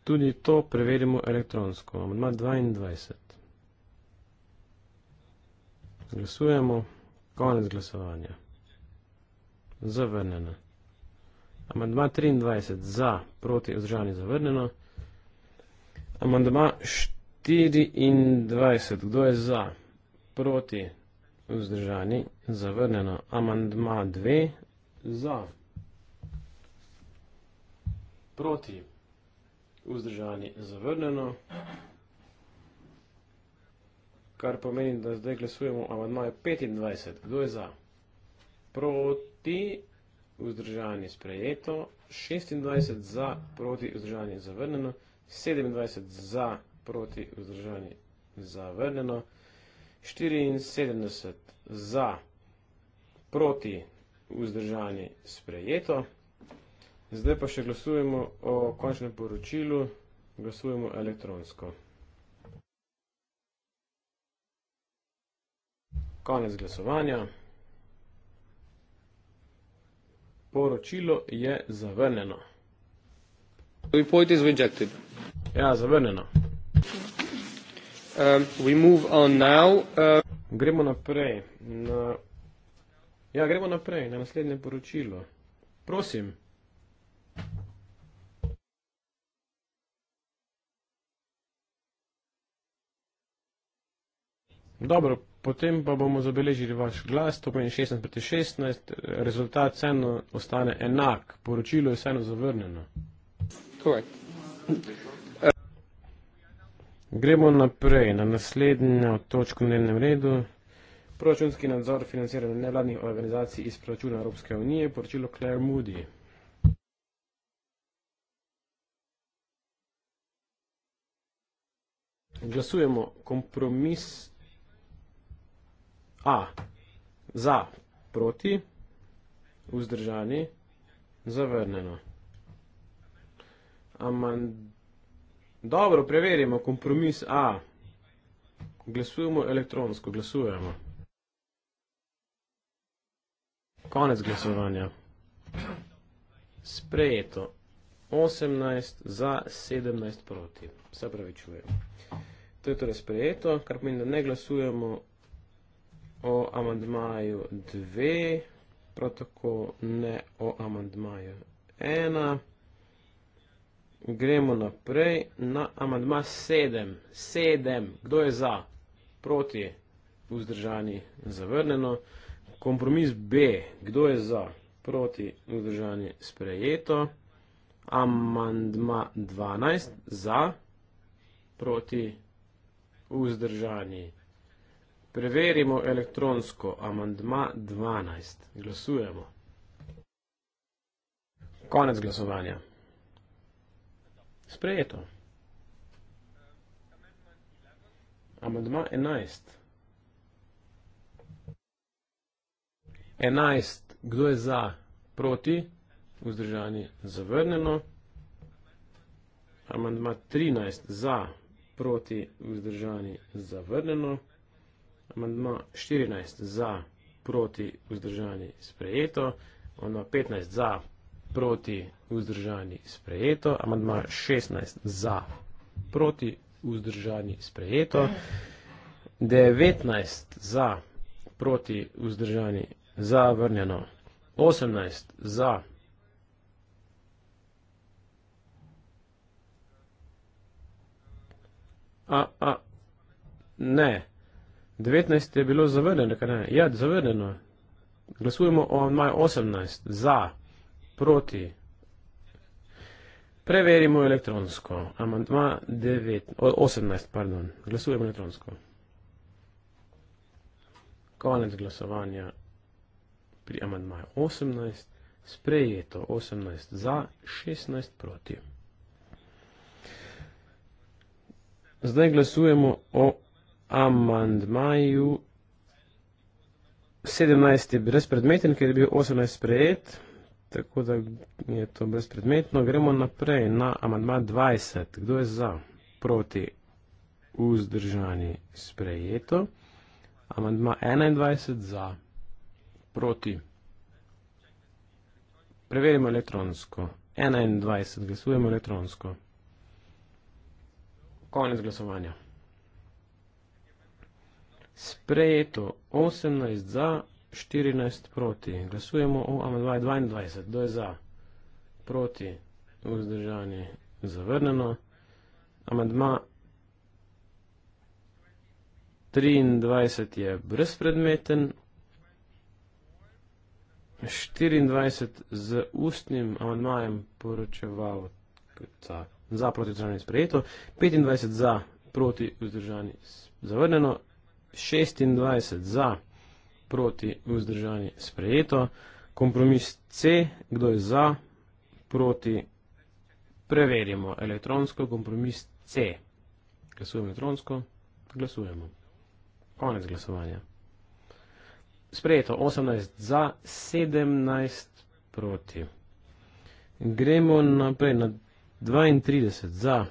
Tudi to preverimo elektronsko. Amadma 22. Glasujemo. Konec glasovanja. Zavrnjeno. Amadma 23. Za, proti, vzdržanje zavrnjeno. Amadma 24. Kdo je za, proti, vzdržanje, zavrnjeno. Amadma 2. Za, proti, vzdržanje vzdržanje zavrnjeno. Kar pomeni, da zdaj glasujemo amandmaje 25. Kdo je za? Proti vzdržanje sprejeto, 26 za, proti vzdržanje zavrnjeno, 27 za, proti vzdržanje zavrnjeno, 74 za, proti vzdržanje sprejeto. Zdaj pa še glasujemo o končnem poročilu. Glasujemo elektronsko. Konec glasovanja. Poročilo je zavrnjeno. Report is rejected. Ja, zavrnjeno. Um, we move on now. Uh... Gremo naprej. Na... Ja, gremo naprej na naslednje poročilo. Prosim. Dobro, potem pa bomo zabeležili vaš glas, to pomeni 16 proti 16, rezultat vseeno ostane enak, poročilo je vseeno zavrnjeno. Gremo naprej na naslednjo točko na dnevnem redu. Proračunski nadzor financiranja nevladnih organizacij iz proračuna Evropske unije, poročilo Claire Moody. Glasujemo kompromis A. Za, proti, vzdržani, zavrnjeno. Aman... Dobro, preverimo kompromis A. Glasujemo elektronsko, glasujemo. Konec glasovanja. Sprejeto. 18 za, 17 proti. Se pravi, čujemo. To je torej sprejeto, kar pomeni, da ne glasujemo o amandmaju 2, prav tako ne o amandmaju 1. Gremo naprej na amandma 7. 7. Kdo je za? Proti je. Vzdržani zavrneno. Kompromis B. Kdo je za? Proti vzdržani sprejeto. Amandma 12. Za. Proti vzdržani zavrneno. Preverimo elektronsko amandma 12. Glasujemo. Konec glasovanja. Sprejeto. Amandma 11. 11. Kdo je za? Proti? Vzdržanje zavrnjeno. Amandma 13. Za? Proti? Vzdržanje zavrnjeno. Amandma 13 amandma 14 za proti vzdržani sprejeto, amandma 15 za proti vzdržani sprejeto, amandma 16 za proti vzdržani sprejeto, 19 za proti vzdržani zavrnjeno, 18 za A, a, ne. 19 je bilo zavrnjeno, kaj ne? Ja, zavrnjeno. Glasujemo o amandmaju 18. Za, proti. Preverimo elektronsko. Amandma 9, 18, pardon. Glasujemo elektronsko. Konec glasovanja pri amandmaju 18. Sprejeto 18 za, 16 proti. Zdaj glasujemo o 18 amandmaju 17 je brezpredmeten, ker je bil 18 sprejet, tako da je to brezpredmetno. Gremo naprej na amandma 20. Kdo je za? Proti. Vzdržani sprejeto. Amandma 21 za. Proti. Preverimo elektronsko. 21 glasujemo elektronsko. Konec glasovanja sprejeto 18 za, 14 proti. Glasujemo o amandmaju 22. Kdo je za? Proti. Vzdržani. Zavrnjeno. Amandma 23 je brezpredmeten. 24 z ustnim amandmajem poročeval za, za proti vzdržani sprejeto. 25 za proti vzdržani zavrnjeno. 26 za, proti vzdržanje sprejeto. Kompromis C, kdo je za, proti, preverimo elektronsko, kompromis C. Glasujemo elektronsko, glasujemo. Konec glasovanja. Sprejeto 18 za, 17 proti. Gremo naprej na 32 za,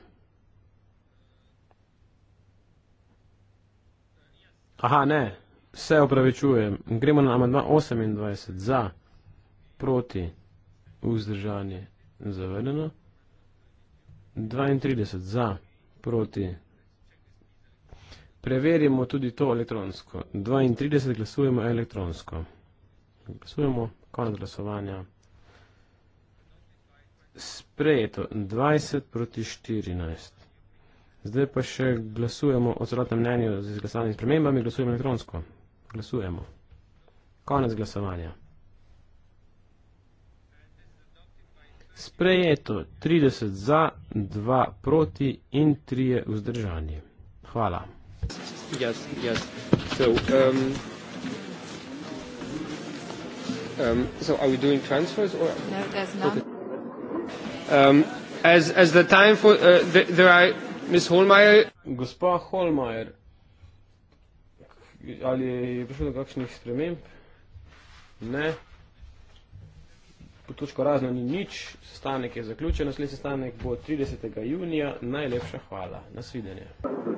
Aha, ne, vse opravičujem. Gremo na amandma 28 za, proti, vzdržanje, zavedeno. 32 za, proti. Preverimo tudi to elektronsko. 32 glasujemo elektronsko. Glasujemo, konec glasovanja. Sprejeto 20 proti 14. Zdaj pa še glasujemo o celotnem mnenju z izglasovanimi spremembami, glasujemo elektronsko. Glasujemo. Konec glasovanja. Sprejeto 30 za, 2 proti in 3 vzdržani. Hvala. Yes, yes. So, um, um, so are we doing transfers or? No, there's none. Okay. Um, as, as the time for, uh, the, there are Miss Holmeier. Gospa Holmeier, ali je prišlo do kakšnih sprememb? Ne. Po točko razno ni nič, sestanek je zaključen, naslednji sestanek bo 30. junija. Najlepša hvala, nasvidenje.